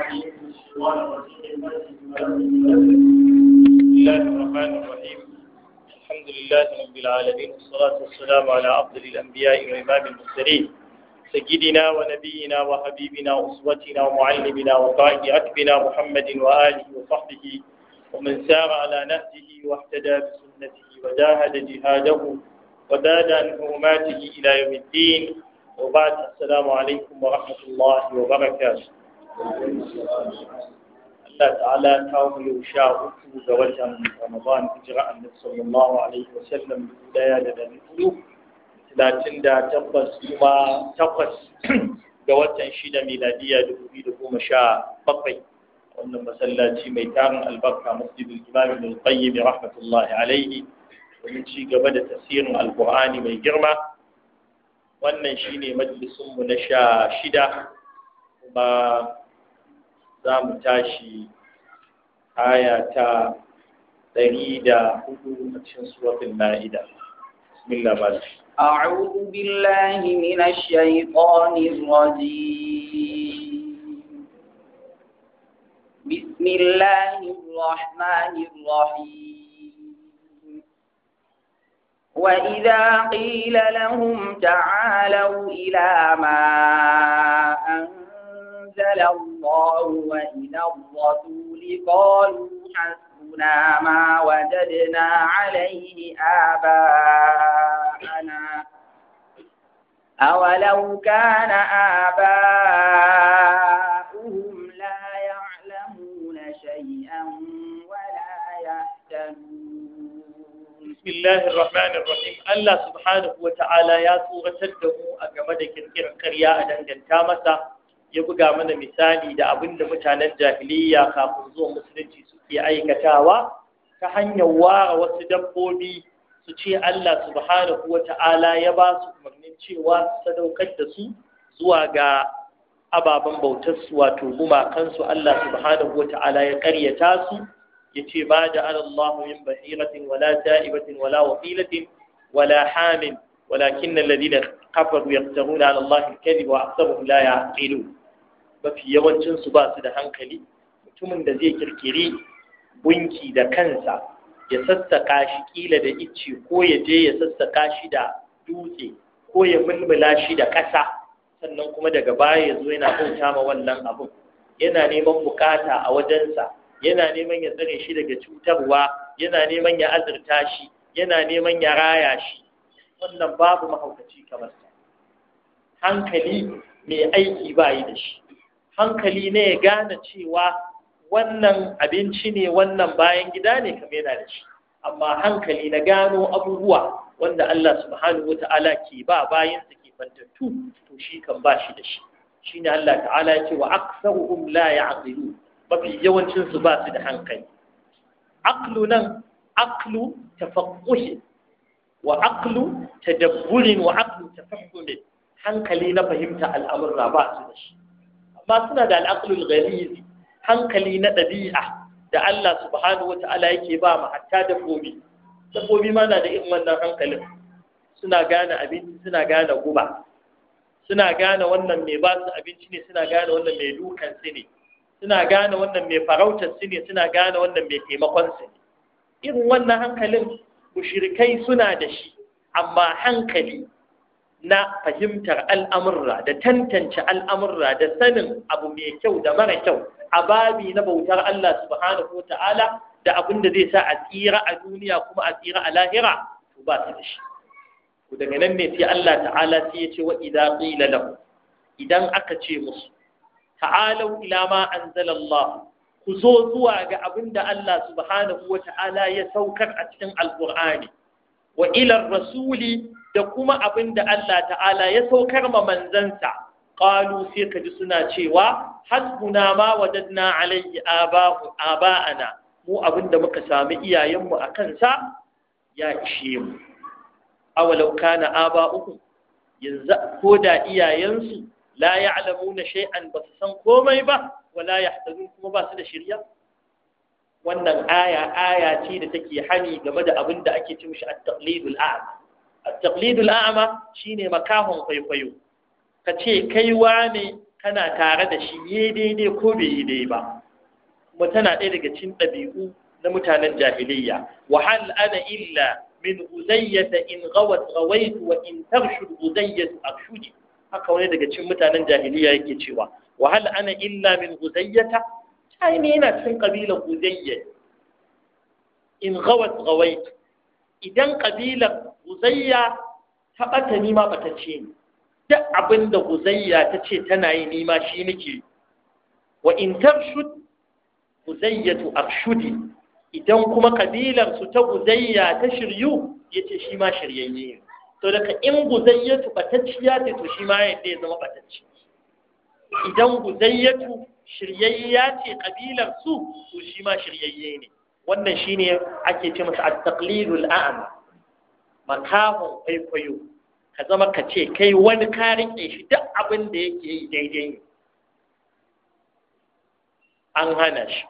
الله الرحمن الرحيم الحمد لله رب العالمين والصلاة والسلام على أفضل الأنبياء وإمام المرسلين سيدنا ونبينا وحبيبنا وأسوتنا ومعلمنا وقائد ركبنا محمد وآله وصحبه ومن سار على نهجه واهتدى بسنته وجاهد جهاده وزاد عن حرماته إلى يوم الدين وبعد السلام عليكم ورحمة الله وبركاته Allah ta'ala ya kawo mu yau sha uku ga watan Ramadan hijira annabi sallallahu alaihi wa sallam daya da dari hudu talatin da tabbas kuma takwas ga watan shida miladiya dubu biyu da goma sha bakwai wannan masallaci mai tarin albarka masjidul imam ibn qayyim rahmatullahi alaihi domin ci gaba da tasirin alqur'ani mai girma wannan shine majlisun mu na sha shida kuma za mu tashi aya ta ɗari da hudu a cikin suratul na'ida bismillah ba أعوذ بالله من الشيطان الرجيم بسم الله الرحمن الرحيم وإذا قيل لهم تعالوا إلى ما أنزل أنزل الله وإلى الرسول قالوا حسبنا ما وجدنا عليه آباءنا أولو كان آباؤهم لا يعلمون شيئا ولا يهتدون بسم الله الرحمن الرحيم الله سبحانه وتعالى يا سورة الدمو أجمد كركر كريا أدن ya buga mana misali da abinda mutanen jahiliya kafin zuwa musulunci suke aikatawa ta hanyar ware wasu dabbobi su ce Allah subhanahu wa ta'ala ya ba su umarnin cewa su sadaukar da su zuwa ga ababen bautarsu wato gumakansu Allah subhanahu wa ta'ala ya karyata su ya ce ba da Allah min bahiratin wala ta'ibatin wala wafilatin wala hamin ولكن الذين كفروا يفترون على الله الكذب وأكثرهم لا يعقلون mafi yawancinsu ba su da hankali mutumin da zai kirkiri gunki da kansa ya sassaka shi kila da icce ko ya je ya sassaka shi da dutse ko ya mulmula shi da ƙasa sannan kuma daga baya ya zo yana bauta ma wannan abun yana neman bukata a wajensa yana neman ya tsare shi daga cutarwa yana neman ya azurta shi yana neman ya raya shi wannan babu mahaukaci kamar sa hankali mai aiki ba yi da shi hankali ne ya gane cewa wannan abinci ne wannan bayan gida ne kamar yana da shi amma hankali na gano abubuwa wanda Allah subhanahu wata'ala ke ba bayan su ke fantattu to shi kan ba shi da shi shine Allah ta'ala ya ce wa aktsaruhum la ya'qilu mafi yawancin su ba su da hankali aqlu nan aqlu tafaqquh wa aqlu tadabbur wa aqlu tafahum hankali na fahimta al'amurra ba su da shi ba suna da al'aqlul ghaliz hankali na ɗabi'a da Allah subhanahu wata'ala yake ba ma hatta dabbobi dabbobi ma na da irin wannan hankalin suna gane abinci suna gane guba suna gane wannan mai ba su abinci ne suna gane wannan mai dukan su ne suna gane wannan mai farautar su ne suna gane wannan mai taimakon su ne irin wannan hankalin mushrikai suna da shi amma hankali na fahimtar al'amurra da tantance al'amurra da sanin abu mai kyau da mara kyau a babi na bautar Allah subhanahu wa ta'ala da abin da zai sa a tsira a duniya kuma a tsira a lahira to ba su da shi ku daga nan ne sai Allah ta'ala sai ya ce wa idan qila lahu idan aka ce musu ta'alau ila ma anzala ku zo zuwa ga abin da Allah subhanahu wa ta'ala ya saukar a cikin alqur'ani wa ilar rasuli da kuma abin da Allah ta'ala ya saukar ma manzansa ƙalu sai ka ji suna cewa hasbuna ma wajadna alayhi aba'ana mu abin da muka sami iyayenmu a kansa ya ishe mu awalau kana aba'ukum yanzu ko da iyayensu la ya'lamuna shay'an ba su san komai ba wala yahtadun kuma ba su da shirya wannan aya aya ce da take hani game da abin da ake cin shi at-taqlidul a'la taqlidul a'ma shine makahon kwaikwayo ka ce kai wane kana tare da shi yi daidai ko bai yi dai ba kuma tana ɗaya daga cikin ɗabi'u na mutanen jahiliyya wa hal ana illa min uzayyata in ghawat ghawaitu wa in tarshud uzayyatu akshuji haka wani daga cikin mutanen jahiliya yake cewa wa hal ana illa min uzayyata ai ne yana cikin kabilar uzayya in ghawat ghawaitu idan kabilar uzayya ta ɓata ni ba ta ce ni duk abin da uzayya ta ce tana yi nima shi nake wa in tarshud a arshudi idan kuma kabilarsu ta uzayya ta shiryu ya ce shi ma shiryayye ne to daga in guzayyatu batacciya ce to shi ma yadda ya zama batacci idan guzayyatu shiryayya ce kabilarsu to shi ma shiryayye ne wannan shi ne ake ce masa a taqlidul makamun kwaikwayo ka zama ka ce kai wani ka rike shi duk abin da yake yi daidai an hana shi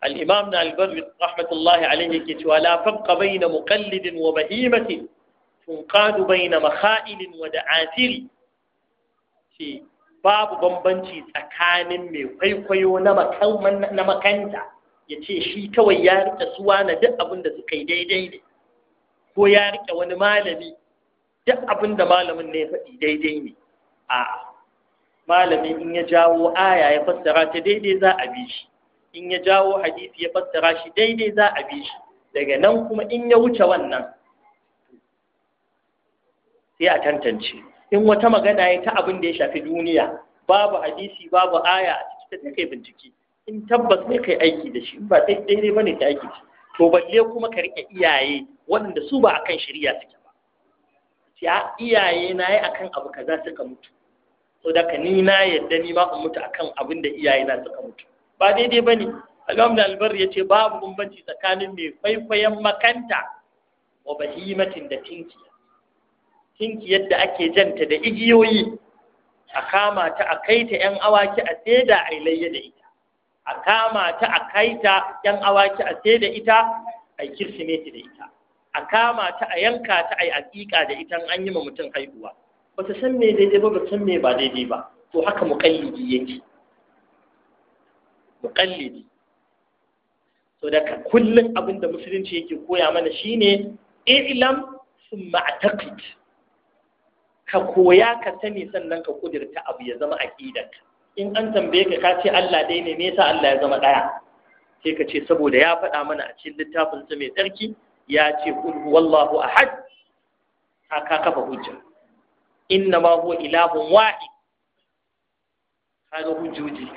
al-imam na albar rahmatullahi alayhi yake cewa la fakka bayna muqallidin wa bahimatin tunqadu bayna makha'ilin wa da'atiri shi babu bambanci tsakanin mai kwaikwayo na makan na makanta yace shi kawai ya rika suwa na duk abin da suka yi daidai ne ko ya riƙe wani malami duk abin da malamin ne ya faɗi daidai ne a malami in ya jawo aya ya fassara ta daidai za a bi shi in ya jawo hadisi ya fassara shi daidai za a bi shi daga nan kuma in ya wuce wannan sai a tantance in wata magana ya ta abin da ya shafi duniya babu hadisi babu aya a ciki ta kai bincike in tabbas ne kai aiki da shi in ba daidai ne bane ta aiki to balle kuma ka rike iyaye waɗanda su ba a kan shari'a suke ba ya ah, iyaye na yi kan abu kaza suka mutu so da ni na yadda ni ba in mutu kan abin da iyaye na suka mutu ba daidai bane Alhamdu Albar ya ce babu bambanci tsakanin mai kwaikwayon makanta wa bahimatin da tinkiya. Tinkiyar yadda ake janta da igiyoyi a kama ta a kai ta ‘yan awaki a saida a ilayya da ita, a kama ta a kai ta ‘yan awaki a saida ita a kirsimeti da ita. a kama ta a yanka ta a yi aƙiƙa da ita an yi ma mutum haihuwa ba ta san me daidai ba ba san me ba daidai ba to haka muƙallidi yake muƙallidi so daga kullum abin da musulunci yake koya mana shine ilam sun ma'atakit. ka koya ka sani sannan ka kudurta abu ya zama aƙidar. in an tambaye ka ka ce Allah dai ne me yasa Allah ya zama ɗaya? sai ka ce saboda ya faɗa mana a cikin littafin sa mai tsarki ya ce 'Kul'hu Wallahu ahad haka kafa hujja inna ma huwa ilahun wahid kaga hujjoji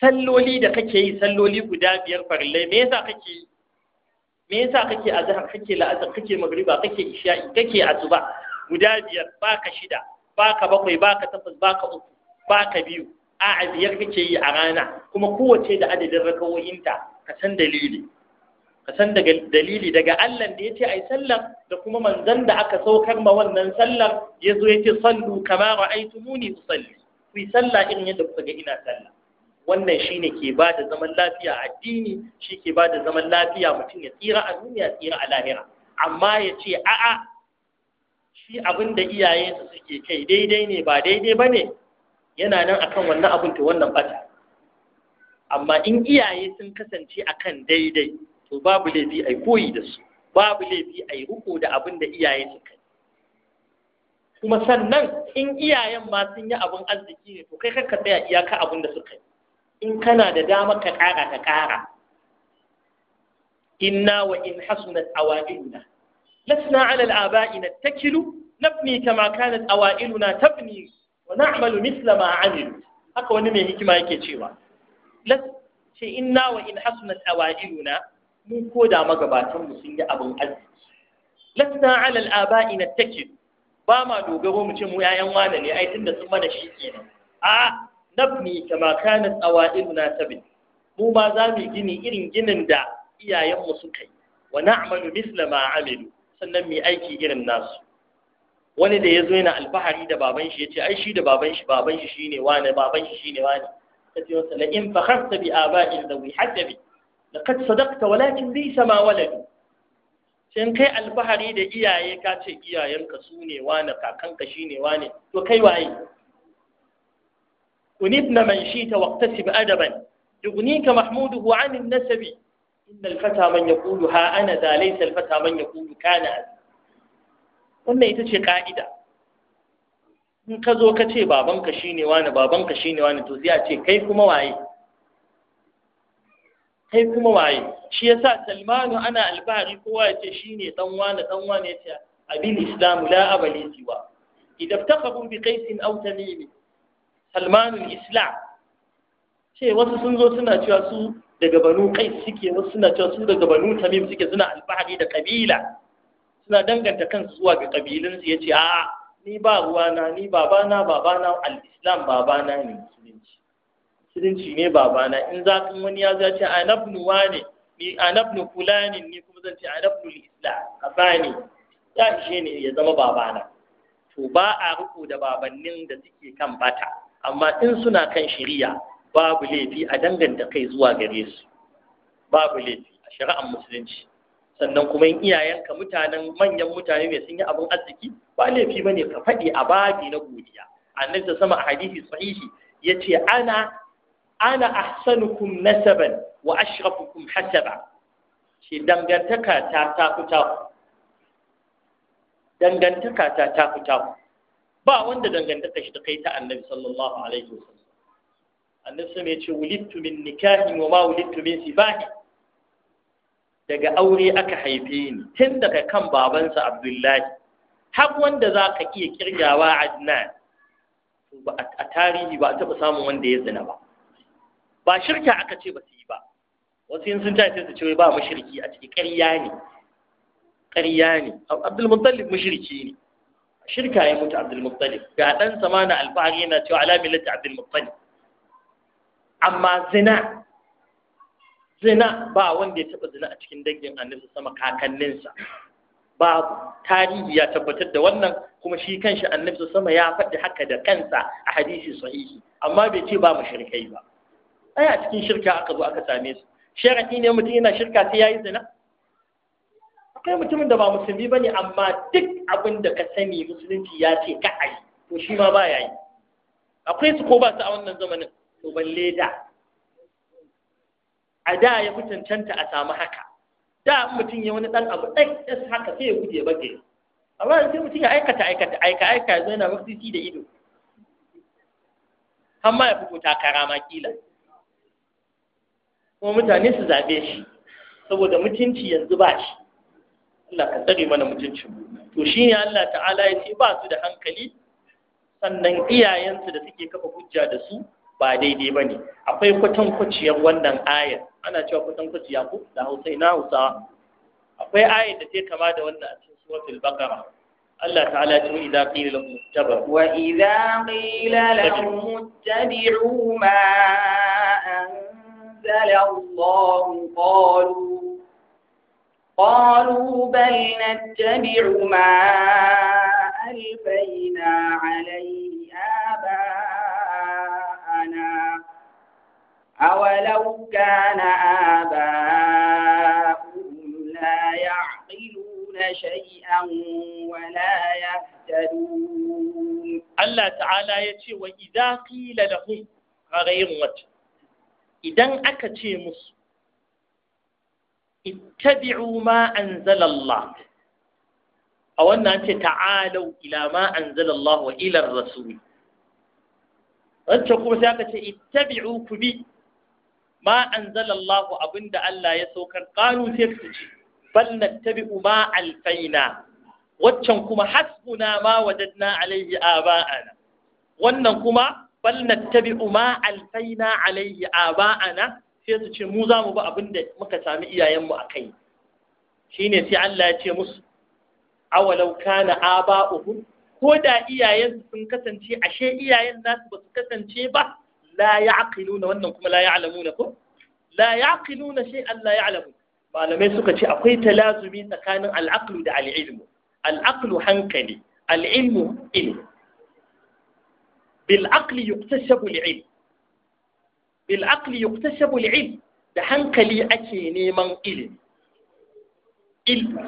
salloli da kake yi salloli guda biyar farillai me yasa kake me yasa kake azhar kake la'azhar kake magriba kake isha'i kake asuba guda biyar baka shida baka bakwai baka takwas baka uku baka biyu A'a biyar kake yi a rana kuma kowace da adadin rakawoyinta ka san dalili ka san daga dalili daga Allah da yace ai sallar da kuma manzon da aka saukar ma wannan sallar yazo yace sallu kama ra'aytumuni usalli ku sallah irin yadda kuka ga ina sallah wannan shine ke ba da zaman lafiya a addini shi ke ba da zaman lafiya mutum ya tsira a duniya tsira a lahira amma ya ce a'a shi abin da su suke kai daidai ne ba daidai ba ne yana nan akan wannan abin to wannan bata amma in iyaye sun kasance akan daidai to babu laifi yi koyi da su babu laifi yi riko da abin da iyayen su kai kuma sannan in iyayen ma sun yi abin arziki ne to kai kar ka tsaya iyaka abin da suka yi in kana da dama ka ƙara ka ƙara inna wa in hasunat awa'iluna lasna ala al-aba'i takilu nabni kama kanat awa'iluna tabni wa na'malu misla ma amilu haka wani mai hikima yake cewa las ce inna wa in hasunat awa'iluna mu ko da magabatan mu sun yi abin arziki lasta ala al'aba'i na take ba ma dogaro mu ce mu yayan wane ne ai tunda sun mana shi kenan a nabni kama kanat awailuna tabi mu ma za mu gini irin ginin da iyayen mu suka yi wa na'malu misla ma amilu sannan mu aiki irin nasu wani da ya zo yana alfahari da baban shi ya ce ai shi da baban shi baban shi shine wane baban shi shine wane ta ce masa la in fakharta bi aba'in dawi hadabi لقد صدقت walakin ليس ما waladu sai kai alfahari da iyaye ka ce iyayenka su ne wane kakanka shi ne wane to kai waye unibna man shi waktasi waqtasib adaban ka Mahmudu nasabi inda alfata man ya kudu ha ana ها أنا ذا man ya من يقول كان wannan ita ce ƙa'ida in ka zo ka ce babanka shi ne wane babanka shi ne wane to sai a ce kai kuma waye kai kuma waye shi yasa salmanu ana alfahari kowa ya ce shine dan wani dan wani ya ce abin islam la abali siwa idan kabu bi qaisin aw tamim talmanu islam ce wasu sun zo suna cewa su daga banu qais suke wasu suna cewa su daga banu tamim suke suna alfahari da kabila suna danganta kansu zuwa ga kabilun su yace a'a ni ba ruwana ni babana babana al-islam babana ne musulunci ne babana in za wani ya ce anabnu wane ni anabnu fulani ni kuma zan ce anabnu islam kafani ya ishe ne ya zama babana to ba a riko da babannin da suke kan bata amma in suna kan shari'a babu laifi a danganta kai zuwa gare su babu laifi a shari'ar musulunci sannan kuma in iyayenka mutanen manyan mutane ne sun yi abin arziki ba laifi bane ka faɗi a babi na godiya annabi sama a hadisi sahihi yace ana ana ahsanukum nasaban wa ashrafukum hasaba shi dangantaka ta ta fita dangantaka ta ta fita ba wanda dangantaka shi ta kai ta annabi sallallahu alaihi wasallam annabi sai ya ce wulidtu min nikahi wa ma wulidtu min sifahi daga aure aka haife ni tun daga kan babansa abdullahi har wanda za ka iya kirgawa adnan a tarihi ba a taɓa samun wanda ya zina ba ba shirka aka ce ba su yi ba wasu yin sun tashi su ce ba mushriki a ciki ƙarya ne ƙarya ne abdul muttalib mushriki ne shirka ya mutu abdul muttalib ga ɗan sama na alfahari yana cewa ala millati abdul muttalib amma zina zina ba wanda ya taɓa zina a cikin dangin annabi sama kakanninsa ba tarihi ya tabbatar da wannan kuma shi kanshi annabi sama ya faɗi haka da kansa a hadisi sahihi amma bai ce ba mushrikai ba ai a cikin shirka aka zo aka same su sharadi ne mutum yana shirka sai yayi zina akwai mutumin da ba musulmi bane amma duk abin da ka sani musulunci ya ce ka ai to shi ma ba yayi akwai su ko ba su a wannan zamanin to balle da a da ya fi cancanta a samu haka da mutum ya wani dan abu dai ɗan haka sai ya gudu ya bage amma ce mutum ya aikata aikata aika aika ya zo yana maksisi da ido amma ya fito takara ma kila kuma mutane su zaɓe shi saboda mutunci yanzu ba shi Allah ka tsare mana mutuncin to shi ne Allah ta'ala ya ce ba su da hankali sannan iyayensu da suke kafa hujja da su ba daidai ba ne akwai kwatankwaciyar wannan ayar ana cewa kwatankwaciya ko da hausa ina hausa akwai ayar da ta kama da wannan a cikin suratul baqara Allah ta'ala ce idza qila lahum ittabu wa idza qila lahum ittabi'u ma نزل الله قالوا قالوا بل نتبع ما ألفينا عليه آباءنا أولو كان آباؤهم لا يعقلون شيئا ولا يهتدون الله تعالى يتي وإذا قيل لهم غير وجه idan aka ce musu ittabi'u ma anzalallah a wannan ce ta'alau ila ma anzalallah wa ila rasul wacce kuma sai aka ce ittabi'u ku bi ma anzalallah abinda Allah ya saukar qalu sai su ce bal nattabi'u ma alfaina waccan kuma hasbuna ma wajadna alaihi aba'ana wannan kuma bal na nattabi'u ma alfaina alayhi aba'ana sai su ce mu za mu ba abin da muka sami iyayenmu a kai Shi ne sai Allah ya ce musu awalau kana aba'uhum ko da iyayen sun kasance ashe iyayen nasu ba su kasance ba la ya'qiluna wannan kuma la ya ya'lamuna ko la ya'qiluna Allah ya ya'lamu malamai suka ce akwai talazumi tsakanin al'aqlu da al'ilmu al'aqlu hankali al'ilmu ilmi bil aqli yuktashabu al-ilm da hankali ake neman ilimi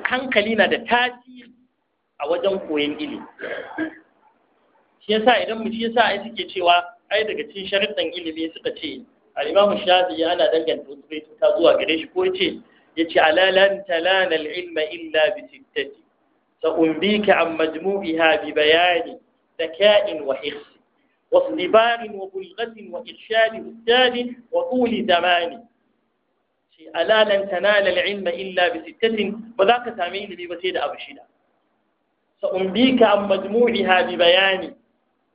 hankali na da tasiri a wajen koyon ilimi shi yasa idan mu shi yasa ai suke cewa ai daga cikin sharuɗan ilimi suka ce al-imamu shafi'i ana danganta wasu bai ta zuwa gare shi ko yace yace ala lan talana al-ilma illa bi sittati sa umbika an majmu'iha bi bayani zaka'in wa hirs واصطبار وبلغة وإرشاد أستاد وطول زمان ألا لن تنال العلم إلا بستة وذاك تامين ببسيد أبو شدا سأنبيك عن مجموعها ببيان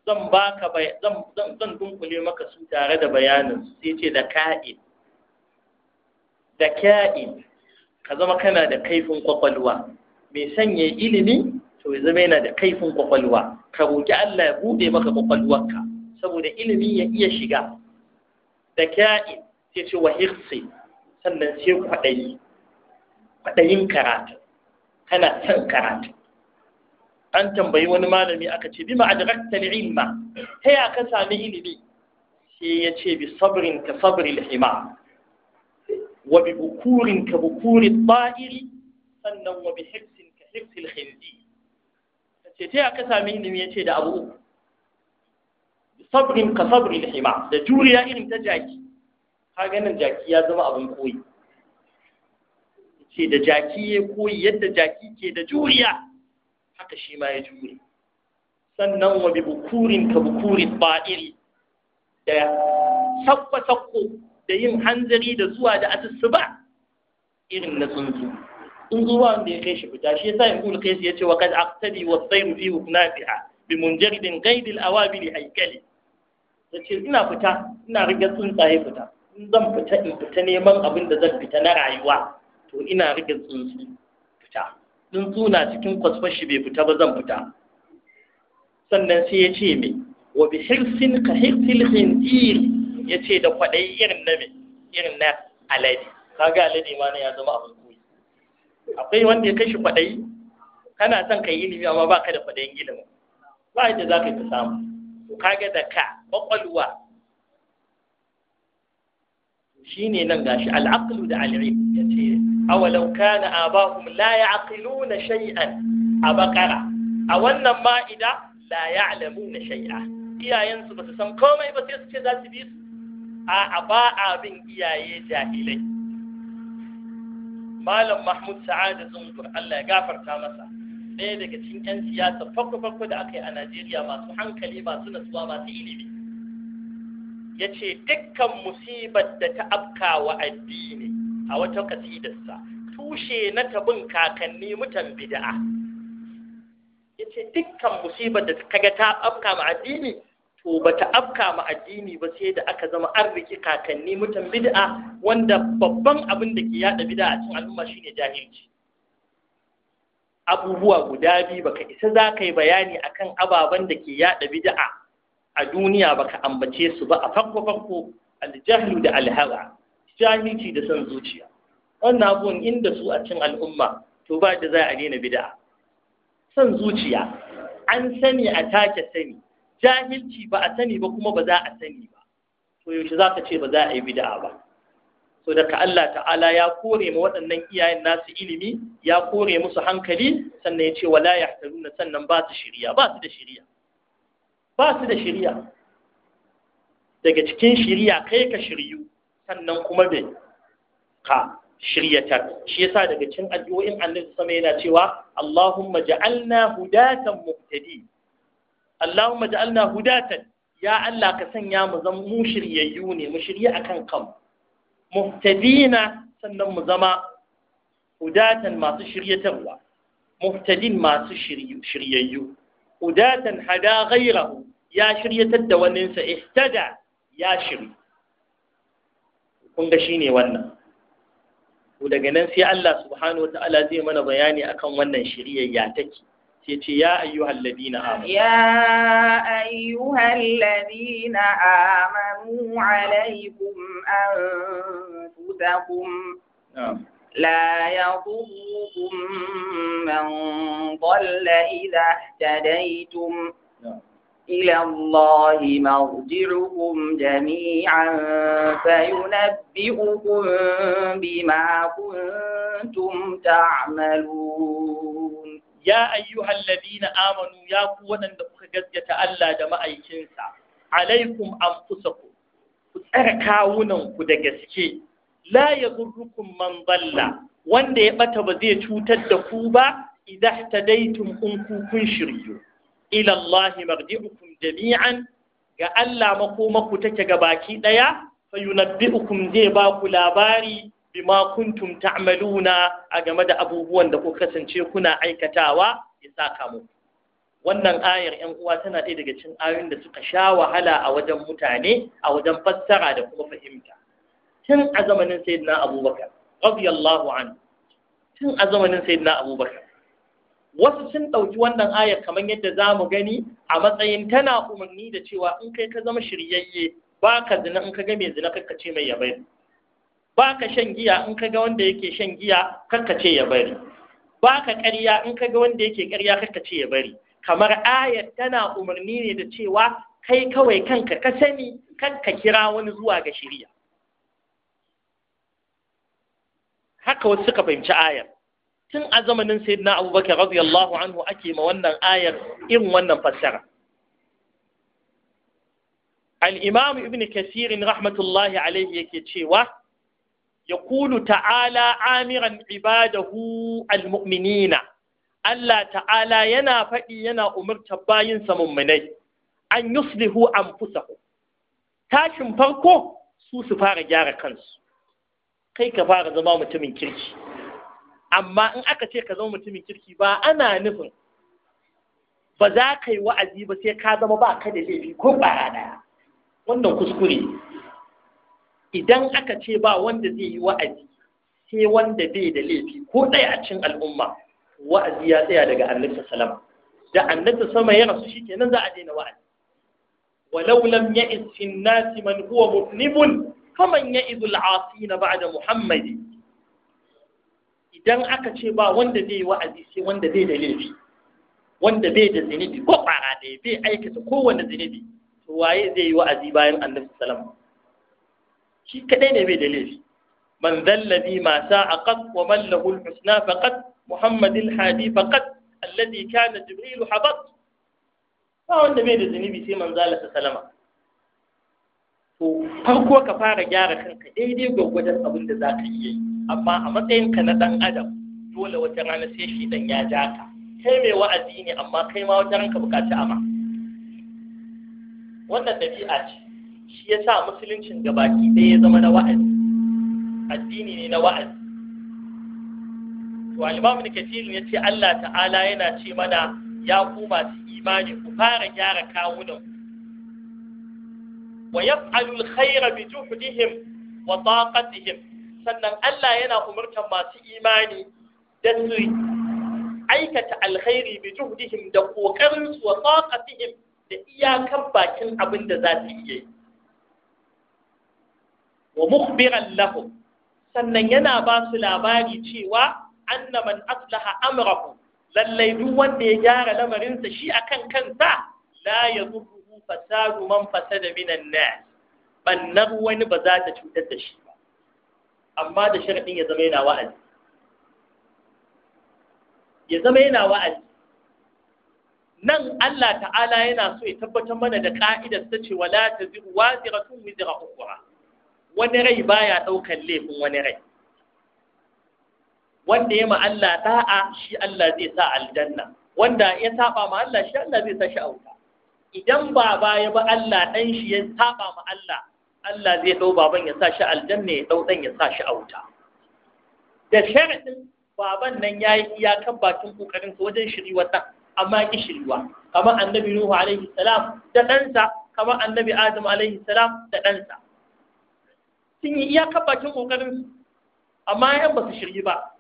زنباك بيان زنبنك لمك سوتا غدا بيان سيتي دكائن دكائن kaza ma kana da kaifin kwakwalwa mai sanya ilimi to ya zama yana da kaifin kwakwalwa ka roƙi Allah ya bude maka kwakwalwarka ka saboda ilimi ya iya shiga da kya'i sai ce wa hirsi sannan sai kwaɗayi kwaɗayin karatu kana son karatu an tambayi wani malami aka ce bima adrakta ilma ta ya ka sami ilimi sai ya ce bi sabrin ka sabril hima wa bi bukurin ka bukurin ba'iri sannan wa bi hirsin ka hirsil hindi ce ta ya ka sami ilimi ya ce da abu uku sabrin ka sabrin hima da juriya irin ta jaki ka ganin jaki ya zama abin koyi ce da jaki ya koyi yadda jaki ke da juriya haka shi ma ya jure sannan wa bi bukurin ka bukurin iri da sakko-sakko da yin hanzari da zuwa da ba irin na tsuntsu in zuwa wanda ya kai shi fita shi yasa kai su ya ce wa kad aqtabi wa tsayin fi huknafiha bi munjaridin a awabili haykali ta ce ina fita ina rage tsuntsaye fita in zan fita in fita neman abin da zan fita na rayuwa to ina rage tsuntsu fita tsuntsu na cikin kwasfar shi bai fita ba zan fita sannan sai ya ce me wa bi hirsin ka hirsil hindir ya ce da kwaɗayi irin na me irin na alade kaga alade ma ya zama abin koyi akwai wanda ya kai kwaɗayi kana son ka yi ilimi amma baka da kwaɗayin ilimin ba yadda za ka yi ka samu to kaga da ka kwakwalwa shine nan gashi al'aqlu da al'ilm yace awalau kana abahum la ya'qiluna shay'an a bakara a wannan ma'ida la ya'lamuna shay'a iyayensu ba su san komai ba sai su ce za su bi su a ba abin iyaye jahilai malam mahmud sa'ada zungur Allah ya gafarta masa ɗaya daga cikin 'yan siyasa farko-farko da aka yi a Najeriya masu hankali masu nasuwa masu ilimi ya ce dukkan musibar da ta afka wa addini a wata ƙasidarsa tushe na tabin kakanni mutan bida'a ya ce dukkan musibar da kaga ta afka ma addini to ba ta afka ma addini ba sai da aka zama an arziki kakanni mutan bida'a wanda babban abin da ke yaɗa bida'a a cikin al'umma shine jahilci abubuwa guda biyu baka isa za ka yi bayani akan ababen da ke yada bid'a a duniya baka ambace su ba a farko farko aljahlu da alhara. jahilci da son zuciya wannan abubuwan inda su a cin al'umma to ba da za a daina bid'a san zuciya an sani a take sani jahilci ba a sani ba kuma ba za a sani ba to yaushe za ka ce ba za a yi bid'a ba so daga Allah ta'ala ya kore mu waɗannan iyayen nasu ilimi ya kore musu hankali sannan ya ce wa wala yahtaruna sannan ba su shiriya ba su da shiriya ba su da shiriya daga cikin shiriya kai ka shiryu sannan kuma bai ka shiryatar shi yasa daga cikin addu'o'in Annabi sama yana cewa Allahumma ja'alna hudatan muhtadi Allahumma ja'alna hudatan ya Allah ka sanya mu zan mu shiryayyu ne mu shirya akan kanmu muhtadina sannan mu zama udatan masu shiryatarwa muhtadin masu shiryayyu udatan hada ghairahu ya shiryatar da waninsa ihtada ya shiri kun ga shine wannan to daga nan sai Allah subhanahu ta'ala zai mana bayani akan wannan shiriyar ya take يتي يا أيها الذين آمنوا يا أيها الذين آمنوا عليكم أنفسكم نعم. لا يضركم من ضل إذا اهتديتم نعم. إلى الله مرجعكم جميعا فينبئكم بما كنتم تعملون ya ayyuhal ladina amanu ya ku waɗanda kuka gaskata Allah da ma'aikinsa alaikum anfusakum ku tsare kawunan ku da gaske la yadurrukum man dalla wanda ya ɓata ba zai cutar da ku ba idan ta in ku kun shiryu ila Allah marji'ukum jami'an ga Allah makomaku take ga baki daya fayunabbi'ukum zai ba ku labari bima kuntum ta'maluna a game da abubuwan da ku kasance kuna aikatawa ya saka mu wannan ayar ‘yan uwa tana ɗaya daga cikin ayoyin da suka sha wahala a wajen mutane a wajen fassara da kuma fahimta tun a zamanin sayyidina abubakar radiyallahu anhu tun a zamanin sayyidina abubakar wasu sun ɗauki wannan ayar kamar yadda za mu gani a matsayin tana umarni da cewa in kai ka zama shiryayye ba ka zina in ka ga mai zina kakkace ce mai yabai ba ka shan giya in ka ga wanda yake shan giya ce ya bari ba ka ƙarya in ga wanda yake ƙarya ce ya bari kamar ayar tana umarni ne da cewa kai kawai kanka ka sani kanka kira wani zuwa ga shirya haka wasu suka fahimci ayar tun a zamanin sayyidina abubakar radiyallahu anhu ake ma wannan ayar irin wannan fassara al-imam ibn kasirin rahmatullahi alaihi yake cewa Yakulu Ta'ala Amiran عباده المؤمنين Allah ta'ala yana faɗi yana umarta bayinsa mummunai an yuslihu an fusahu tashin farko su fara gyara kansu kai ka fara zama mutumin kirki amma in aka ce ka zama mutumin kirki ba ana nufin ba za ka yi wa'azi ba sai ka zama ba ka da laifi ko ɓara ɗaya wannan kuskure idan aka ce ba wanda zai yi wa'azi sai wanda bai da laifi ko ɗaya a cin al'umma wa'azi ya tsaya daga annabi salama da annabi sama ya rasu nan za a daina wa'azi walau lam ya'is fi nasi man huwa mudnibun faman na ba ba'da muhammadi idan aka ce ba wanda zai yi wa'azi sai wanda bai da laifi wanda bai da zinibi ko ƙwara ɗaya bai aikata kowane zinibi to waye zai yi wa'azi bayan annabi salama shi kadai ne bai da laifi man zallabi ma sa'a qad wa man lahu al-husna faqad muhammadil hadi faqad alladhi kana jibril habat ba wanda bai da zunubi sai manzo Allah sallama to farko ka fara gyara kanka daidai gwagwadon abin da zaka yi amma a matsayin ka na dan adam dole wata rana sai shi dan ya ja ka kai mai wa'azi ne amma kai ma wata ranka bukaci ama wannan dabi'a ce shi ya sa musuluncin baki ɗaya ya zama na wa'azi addini ne na wa'azi to alimamu katirin ya ce Allah ta'ala yana ce mana ya ku masu imani ku fara gyara kawunan wa yaf'alul khaira bi juhdihim wa taqatihim sannan Allah yana umurtar masu imani da su aikata alkhairi bi juhdihim da kokarin su wa taqatihim da iyakan bakin abinda da za iya yi wa mukhbiran sannan yana basu labari cewa anna man aslaha amrahu lallai duk wanda ya gyara lamarinsa shi akan kansa la yadurruhu fasadu man fasada minan nas bannar wani ba za ta cutar da shi ba amma da sharadin ya zama yana wa'azi ya zama yana wa'azi nan Allah ta'ala yana so ya tabbatar mana da ka'idar ta ce wala taziru waziratun wizra ukhra wani rai baya ɗaukan laifin wani rai wanda ya ma Allah da'a shi Allah zai sa aljanna wanda ya saba ma Allah shi Allah zai sa shi auta idan baba ya ba Allah dan shi ya saba ma Allah Allah zai dau baban ya sa shi aljanna ya dau dan ya sa shi auta da sharadin baban nan yayi iyakan bakin kokarin sa wajen shiri wata amma ki shiriwa kamar annabi Nuhu alaihi salam da ɗansa kamar annabi Adam alaihi salam da ɗansa sun yi iyakar bakin ƙoƙarinsu amma ‘yan ba su shirye ba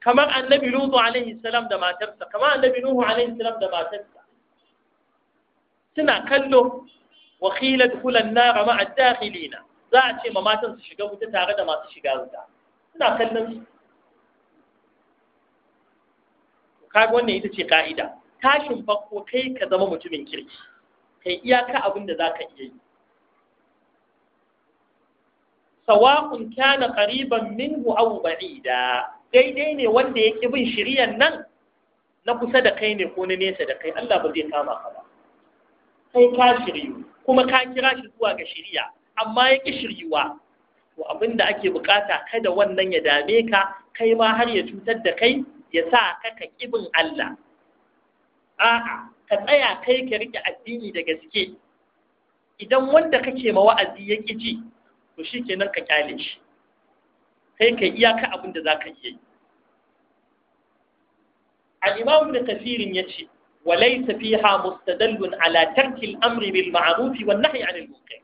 kamar annabi Nuhu alaihi salam da matarsa kamar annabi Nuhu alaihi salam da matarsa suna kallo wa qila rama a ma'a dakhilina za a ce ma matan su shiga wuta tare da masu shiga wuta suna kallon su kaga wannan ita ce ka'ida tashin farko kai ka zama mutumin kirki kai iyaka abin da zaka iya yi sawa'un kana qariban minhu aw ba'ida daidai ne wanda yake bin shiriyan nan na kusa da kai ne ko na nesa da kai Allah ba zai kama ka ba kai ka shiryu kuma ka kira shi zuwa ga shiriya amma ya ƙi shiryuwa to abin da ake bukata kada wannan ya dame ka kai ma har ya cutar da kai ya sa ka ka kibin Allah a'a ka tsaya kai ka riƙe addini da gaske idan wanda kake ma wa'azi ya ƙi ji to shi kenan ka shi sai ka iyaka abin da za ka iya yi al’imam da tafirin ya ce walai tafi ha mustadallun ala amri bil ma'arufi wa nahi anil mukai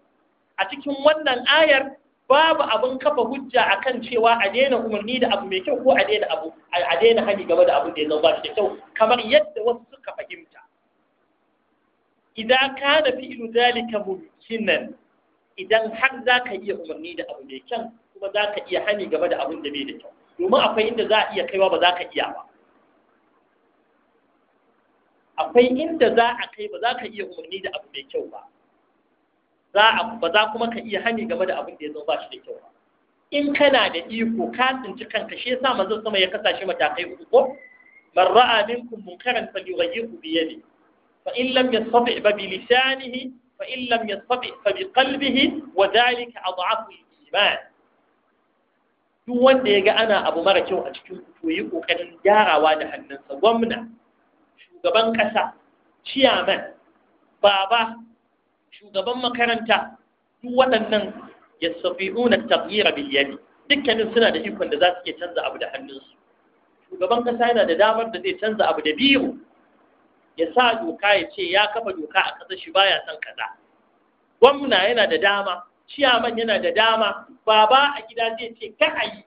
a cikin wannan ayar babu abin kafa hujja akan cewa a daina umarni da abu mai kyau ko a daina abu a game da abu da ya zama da kyau kamar yadda wasu suka fahimta Ida ka da fi'ilu dalika mumkinan idan har za ka iya umarni da abu mai kyan kuma za ka iya hani game da abin da bai da kyau domin akwai inda za a iya kaiwa ba za ka iya ba akwai inda za a kai ba za ka iya umarni da abu mai kyau ba za a ba za kuma ka iya hani game da abin da ya zama ba shi da kyau ba in kana da iko ka tsinci kanka shi yasa manzo sama ya kasashe matakai uku ko man ra'a minkum munkaran falyughayyihu bi yadihi fa in lam yastati' bi lisanihi fa in lam fa bi qalbihi wa dhalika adhafu al-iman duk wanda ya ga ana abu mara kyau a cikin to yi ƙoƙarin gyarawa da hannunsa gwamna shugaban ƙasa, ciyaman baba shugaban makaranta duk waɗannan yastafi'una at-taghyira bil dukkanin suna da ikon da za su iya canza abu da hannunsu shugaban ƙasa yana da damar da zai canza abu da biyu ya sa doka ya ce ya kafa doka a ƙasar shi baya son kaza gwamna yana da dama ciyaman yana da dama baba a gida zai ce ka a yi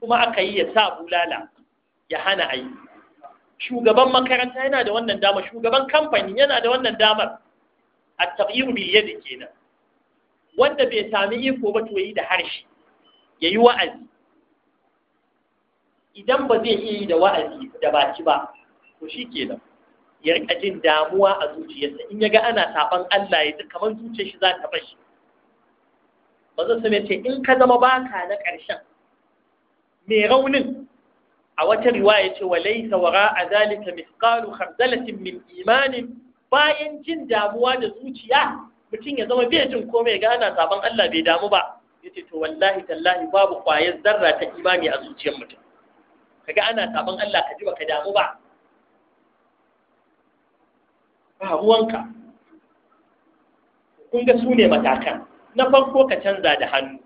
kuma aka yi ya sa bulala ya hana a yi shugaban makaranta yana da wannan dama shugaban kamfani yana da wannan damar a tabiru yadda kenan wanda bai sami iko ba to yi da harshe ya yi wa'azi idan ba zai iya yi da wa'azi da baki ba to shi kenan ya rika jin damuwa a zuciyarsa in ya ga ana saban Allah ya ji kamar zuciyar shi za ta bashi bazan sai ya ce in ka zama baka na ƙarshen mai raunin a wata riwaya ce walaysa wara a zalika mithqalu khardalatin min imanin bayan jin damuwa da zuciya mutum ya zama bai jin komai ga ana saban Allah bai damu ba yace to wallahi tallahi babu kwayar zarra ta imani a zuciyar mutum kaga ana saban Allah ka ji baka damu ba ba ruwanka kun ga su ne matakan na farko ka canza da hannu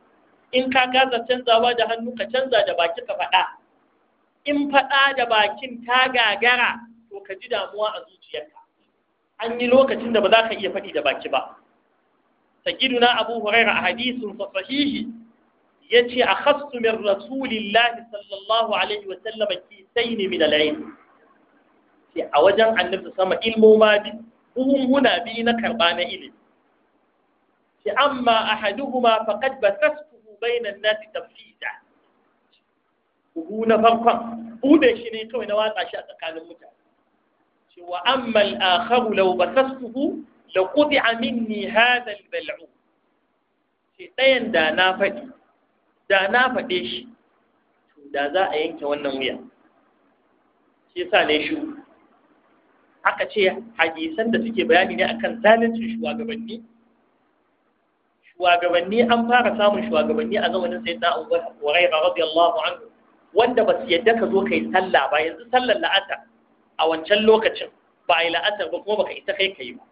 in ka gaza canzawa da hannu ka canza da baki ka faɗa in faɗa da bakin ta gagara to ka ji damuwa a zuciyarka an yi lokacin da ba za ka iya faɗi da baki ba na a أبو هريرة ya ce, a أخص من sallallahu alaihi wa الله ki وسلم mi da العلم ce a wajen annabi sama ilmu ma bi buhunhuna bi na karɓa na ilimi ce amma a ahaduhuma faqad basastuhu bainan nasi tafsida buhu na farkon buɗe shi ne kawai na watsa shi a tsakanin mutane ce wa amma al-akharu law da la quti'a minni hadal al-bal'u ce ɗayan da na faɗi da na faɗe shi da za a yanke wannan wuya shi yasa ne shi aka ce hadisan da suke bayani ne akan zaluncin shugabanni shugabanni an fara samun shugabanni a zamanin sai na Hurairah radiyallahu anhu wanda ba su yadda ka zo kai sallah ba yanzu sallar la'ata a wancan lokacin ba la'atar ba kuma baka ita kai kai ba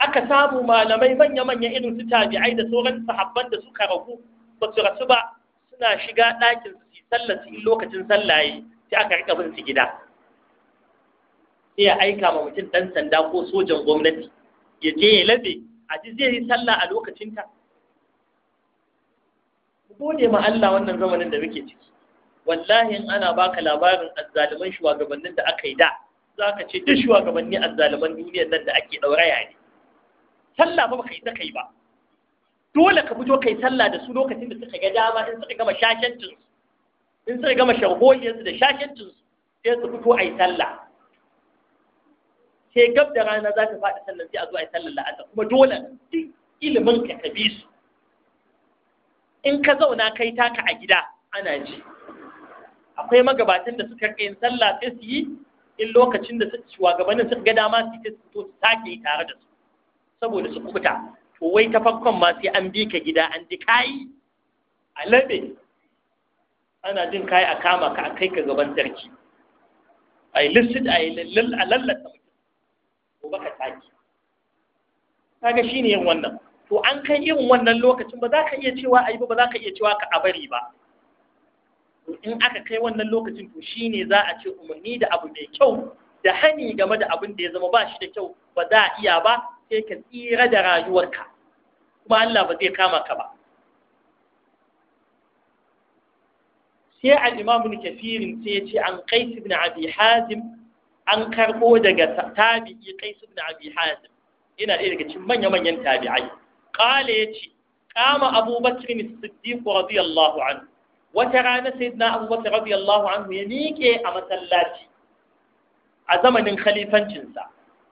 aka samu malamai manya-manya irin su tabi'ai da sauran sahabban da suka ragu ba su rasu ba suna shiga ɗakin su yi sallar su in lokacin sallah yi sai aka rika bin su gida sai ya aika ma mutum ɗan sanda ko sojan gwamnati ya je ya labe a ji zai yi sallah a lokacinta gode ma Allah wannan zamanin da muke ciki wallahi in ana baka labarin azzaliman shugabannin da aka yi da za ka ce duk shugabanni azzaliman duniyar nan da ake ɗauraya ne sallah ba ka yi ta kai ba dole ka fito kai sallah da su lokacin da suka ga dama in suka gama shashancin in suka gama sharholiyar da shashancin sai su fito ayi sallah sai gab da rana za ta faɗi sallar sai a zuwa yi sallar la'asar kuma dole duk ilimin ka ka bi su in ka zauna kai taka a gida ana ji akwai magabatan da suka kai sallah sai su yi in lokacin da shugabannin suka ga dama su ta fito su sake yi tare da su saboda su kubuta to wai ta fakon ma sai an bi ka gida an ji kayi a labe ana jin kayi a kama ka a kai ka gaban sarki a yi lissid a yi lallata gobe ka tsaki kaga shine yin wannan to an kai irin wannan lokacin ba za ka iya cewa ayi ba ba za ka iya cewa ka abari ba to in aka kai wannan lokacin to shine za a ce umarni da abu mai kyau da hani game da abin da ya zama ba shi da kyau ba za a iya ba sai ka tsira da rayuwarka kuma Allah ba zai kama ka ba sai al-imam kafirin sai ya ce an qais ibn abi hazim an karɓo daga tabi'i qais ibn abi hazim yana ɗaya daga cikin manya-manyan tabi'ai qala yace qama abubakr as-siddiq radiyallahu anhu wata rana sayyidina abubakar radiyallahu anhu ya miƙe a masallaci a zamanin khalifancinsa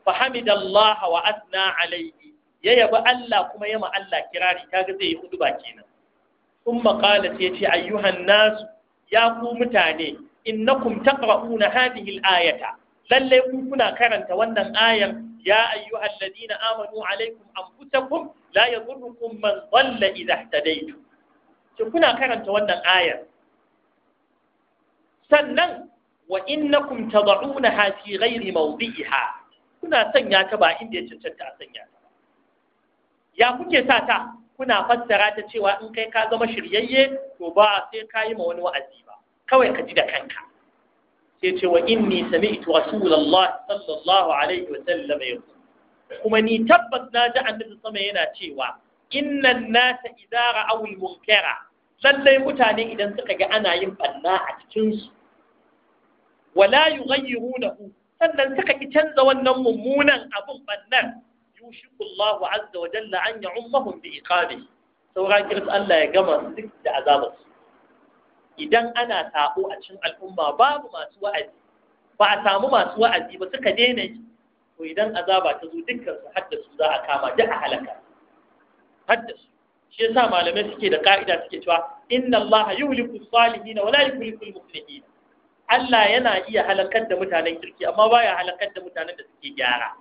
fa hamidallah wa asna alayhi ya yabi Allah kuma ya ma Allah kirari kaga zai yi hudu ba kenan thumma qala yace ce ayyuhan nas ya ku mutane innakum taqra'una hadhihi al-ayata Lallai ku kuna karanta wannan ayar, ya ayyuhal ladina amanu alaikum anfusakum la yadurrukum man dhalla idha ihtadaytum ki kuna karanta wannan ayar. sannan wa innakum tad'unaha fi ghairi mawdi'iha kuna sanya ta ba inda ya cancanta a sanya ta ya kuke sa ta kuna fassara ta cewa in kai ka zama shiryayye to ba sai ka yi ma wani wa'azi ba kawai ka ji da kanka sai ce wa inni sami'tu sallallahu alaihi wa sallam yau kuma ni tabbas na ji annabi sama yana cewa innan na idza ra'aw al-munkara lallai mutane idan suka ga ana yin banna a cikin su wala yughayyirunahu sannan suka ki canza wannan mummunan abun bannan yushiku Allahu azza wa jalla an ya'ummahum bi iqabi saura kiris Allah ya gama duk da azabarsu idan ana sabo a cikin al'umma babu masu wa'azi ba a samu masu wa'azi ba suka daina shi. to idan azaba ta zo dukkan su hadda su za a kama duk a halaka hadda su shi yasa malamai suke da ka'ida suke cewa inna allaha yuhliku salihin wa la yuhliku al-muflihin Allah yana iya halakar da mutanen kirki amma baya halakar da mutanen da suke gyara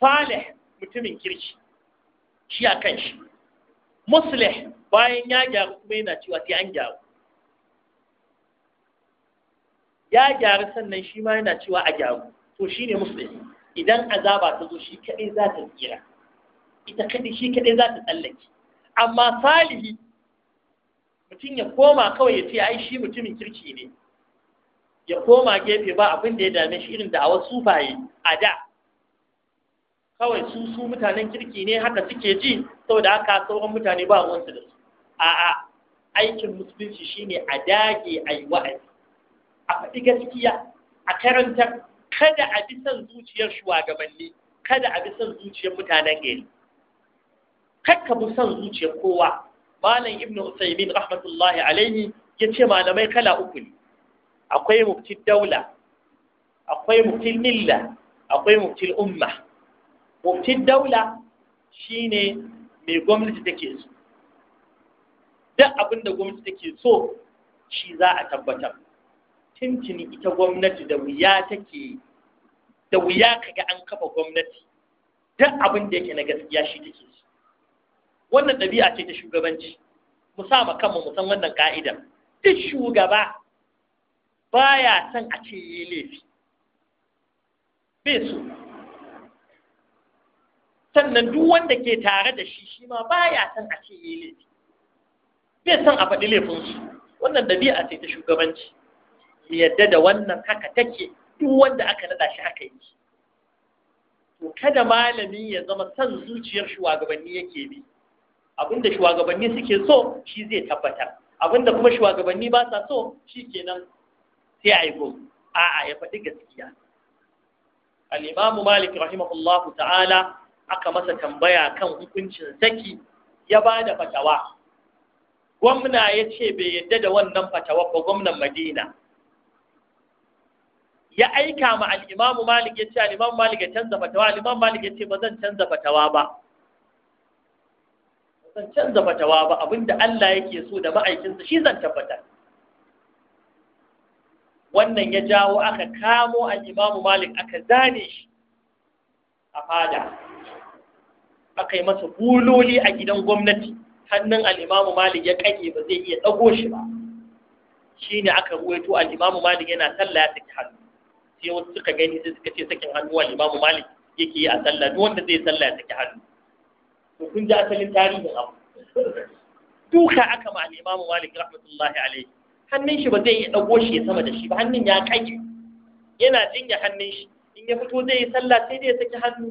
salih mutumin kirki shi a kan shi muslih bayan ya gyaru kuma yana cewa sai an gyaru ya gyara sannan shi ma yana cewa a gyaru to shi ne musulmi idan azaba ta zo shi kaɗai za ta tsira ita kaɗai shi kaɗai za ta tsallake amma salihi mutum ya koma kawai ya ce ai shi mutumin kirki ne ya koma gefe ba abin da ya dame shi irin da a wasu baye a da kawai su su mutanen kirki ne haka suke ji saboda haka sauran mutane ba wansu da su a'a aikin musulunci shine a dage a yi wa'azi a faɗi gaskiya a karantar kada a bi son zuciyar shugabanni kada a bi son zuciyar mutanen gari kakka bi son zuciyar kowa malam ibn usaymin rahmatullahi alaihi ya ce malamai kala uku ne akwai muftin daula akwai muftin milla akwai muftin umma muftin daula shine mai gwamnati take so duk abin gwamnati take so shi za a tabbatar tuntuni ita gwamnati da wuya take da wuya kaga an kafa gwamnati duk abin da yake na gaskiya shi take shi wannan ɗabi'a ce ta shugabanci mu sa ma kanmu mu san wannan ka'idar duk shugaba baya son a ce yi laifi bai so sannan duk wanda ke tare da shi shi ma baya son a ce yi laifi bai son a faɗi laifinsu wannan ɗabi'a ce ta shugabanci mu yadda da wannan haka take duk wanda aka nada shi haka yi to kada malami ya zama san zuciyar shugabanni yake bi abinda shugabanni suke so shi zai tabbatar abinda kuma shugabanni ba sa so shi kenan sai a yi a a'a ya faɗi gaskiya al-imamu malik rahimahullahu ta'ala aka masa tambaya kan hukuncin saki ya ba da fatawa gwamna ya ce bai yadda da wannan fatawa ba gwamnan madina ya aika ma Alimamu Malik ya ce Alimamu Malik ya canza fatawa Alimamu Malik ya ce ba zan canza fatawa ba zan canza fatawa ba abinda Allah yake so da ma'aikinsa shi zan tabbatar wannan ya jawo aka kamo Alimamu Malik aka zane shi a fada aka yi masa buloli a gidan gwamnati hannun al'imamu malik ya kage ba zai iya ɗago shi ba shi ne aka ruwaito al'imamu malik yana sallah ya hannu sai wasu suka gani sai suka ce sakin hannu wa limamu malik yake yi a sallah duk wanda zai sallah ya saki hannu to kun ji asalin tarihin abu duka aka ma limamu malik rahmatullahi alaihi hannun shi ba zai iya dago shi sama da shi ba hannun ya kai yana jinya hannun shi in ya fito zai yi sallah sai dai ya saki hannu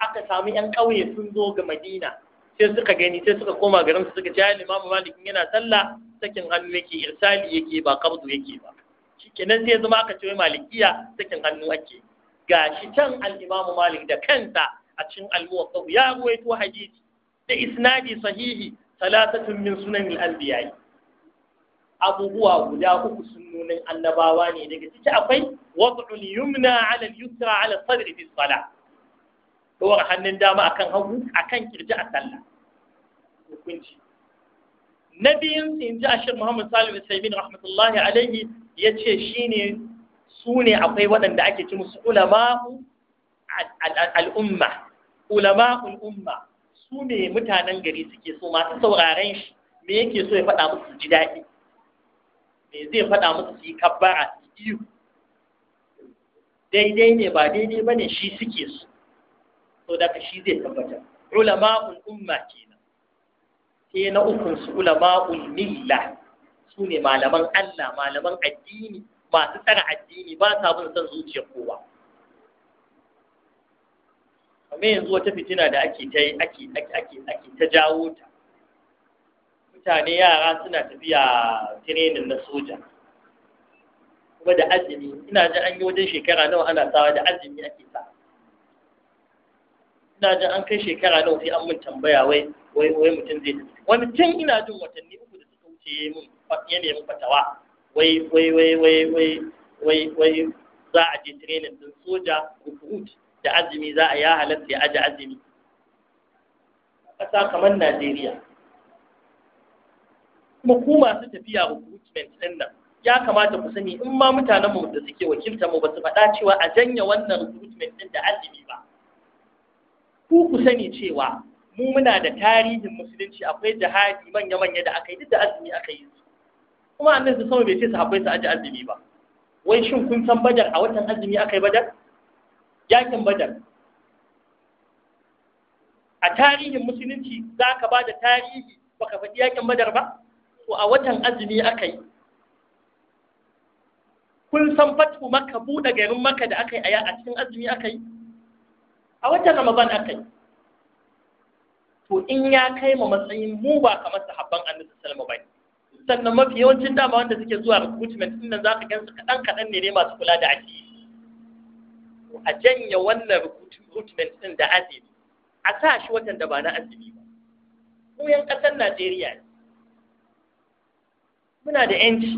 aka samu yan ƙauye sun zo ga madina sai suka gani sai suka koma garin su suka ce ya limamu malik yana sallah sakin hannu yake irsali yake ba kabdu yake ba kenan zai zama aka ce malikiya sakin hannu ake gashi can al-Imam Malik da kansa a cikin al-Muwatta ya ruwaito hadisi da isnadi sahihi salatatun min sunan al-anbiya abubuwa guda uku nuna annabawa ne daga ciki akwai wad'ul yumna 'ala al-yusra 'ala sadri fi salah dora hannun dama akan hagu akan kirji a sallah hukunci na biyun in ji ashir Muhammad Salim Usaimin rahmatullahi alaihi ya ce shi ne su ne akwai waɗanda ake ci musu ulama'u al'umma ulama umma su ne mutanen gari suke so masu sauraren shi me yake so ya faɗa musu ji daɗi me zai faɗa musu su yi kabbara su iyo daidai ne ba daidai ba ne shi suke so so daga shi zai tabbatar ulama'ul umma kenan sai na ukun su ulama'ul milla su ne malaman Allah malaman addini masu tsara addini ba sa bin son zuciyar kowa kamar yanzu wata fitina da ake ta ake ake ake ta jawo ta mutane yara suna tafiya tirenin na soja kuma da azumi ina jin an yi wajen shekara nawa ana sawa da azumi ake sa ina jin an kai shekara nawa sai an mun tambaya wai wai wai mutum zai tafi wani tun ina jin watanni uku da suka wuce mun ya nemi fatawa wai wai wai wai wai wai wai za a je training din soja recruit da azumi za a ya halatta ya aje azumi ƙasa kamar Najeriya kuma ku masu tafiya recruitment din nan ya kamata ku sani in ma mutanen mu da suke wakilta mu ba su faɗa cewa a janya wannan recruitment din da azumi ba ku ku sani cewa mu muna da tarihin musulunci akwai jihadi manya-manya da aka yi duk da azumi aka yi su kuma su sama bai ce sahabbai su aji azumi ba wai shin kun san badar a watan azumi aka yi badar yakin badar a tarihin musulunci za ka ba da tarihi baka faɗi yakin badar ba to a watan azumi aka yi kun san fatu maka buɗe garin maka da aka yi a cikin azumi aka yi a watan ramadan aka yi to in ya kai ma matsayin mu ba kamar sahabban annabi sallallahu alaihi wasallam ba sannan mafi yawancin dama wanda suke zuwa recruitment din nan za ka gansu kaɗan kaɗan ne ne masu kula da addini a janye wannan recruitment din da azumi a sa shi watan da ba na azumi ba mu yan ƙasar Najeriya ne muna da yanci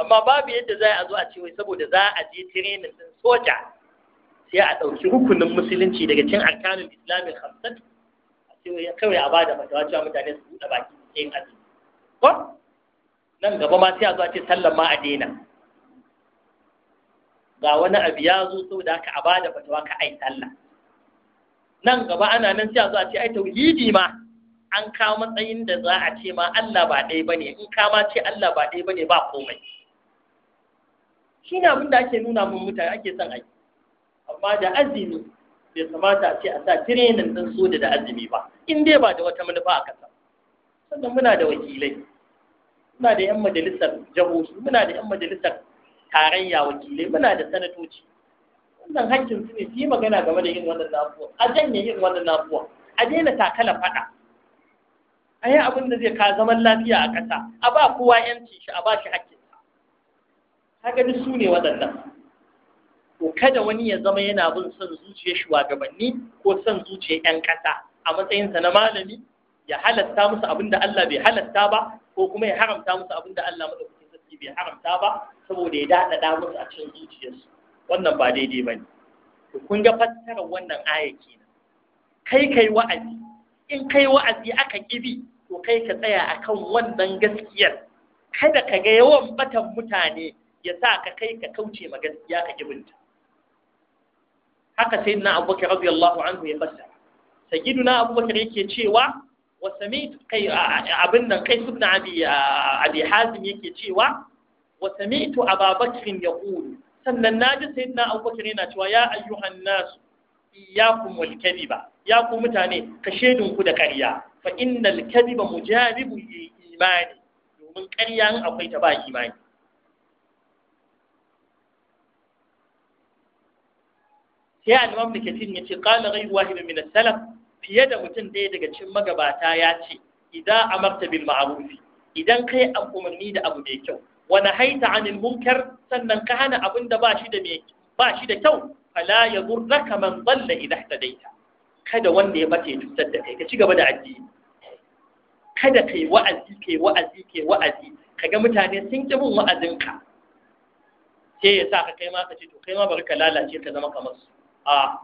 amma babu yadda za a zo a ce wai saboda za a je training din soja sai a ɗauki rukunin musulunci daga cin arkanin islamin hamsatu kawai a bada fatawa cewa mutane su buɗe baki su yin azumi ko nan gaba ma sai a zo a ce sallan ma a daina ga wani abu ya zo saboda haka a bada fatawa ka ai sallah nan gaba ana nan sai a zo a ce ai tauhidi ma an kawo matsayin da za a ce ma Allah ba ɗaya ba ne, in ka ma ce Allah ba ɗaya ba ne ba komai shi ne abin da ake nuna mun mutane ake son aiki amma da azumi bai kamata a ce a sa tirenin ɗin soja da azumi ba in dai ba da wata manufa a ƙasa sannan muna da wakilai muna da 'yan majalisar jihohi muna da 'yan majalisar tarayya wakilai muna da sanatoci wannan hakkin su ne su yi magana game da yin wannan nafuwa a janye yin wannan nafuwa a daina takala faɗa a yi abin da zai ka zaman lafiya a ƙasa a ba kowa yanci shi a ba shi hakkin kaga duk su ne waɗannan Ko kada wani ya zama yana bin son zuciya shugabanni ko son zuciya 'yan ƙasa a matsayinsa na malami ya halatta musu abin da Allah bai halatta ba ko kuma ya haramta musu abin da Allah madaukakin sarki bai haramta ba saboda ya daɗaɗa musu a cikin zuciyarsu wannan ba daidai ba ne to kun ga fassarar wannan aya kenan kai kai wa'azi in kai wa'azi aka kibi to kai ka tsaya akan wannan gaskiyar kada ka ga yawan batan mutane ya sa ka kai ka kauce ma gaskiya ka kibinta haka sai na abubakar radiyallahu anhu ya fassara sayyiduna abubakar yake cewa wa sami'tu abin nan kai ibn abi yake cewa a sami'tu ya yaqulu sannan na ji sayyidina abubakar yana cewa ya ayyuhan ya iyyakum wal ya ku mutane ka shedun ku da ƙarya fa innal kadhiba yi imani domin ƙarya in akwai ta ba imani sai al-imam da ya ce, qala ghayru wahid min as-salaf fiye da mutum ɗaya daga cikin magabata ya ce idan a bil ma'ruf idan kai an umarni da abu mai kyau wani nahaita anil munkar sannan ka hana abin da ba shi da mai ba shi da kyau fala ya yadurraka man balla idan tadaita kada wanda ya bace cutar da kai ka ci gaba da addini kada kai wa'azi kai wa'azi kai wa'azi kaga mutane sun ki bin wa'azinka sai ya sa ka kai ma ka ce to kai ma bari ka lalace ka zama kamar su a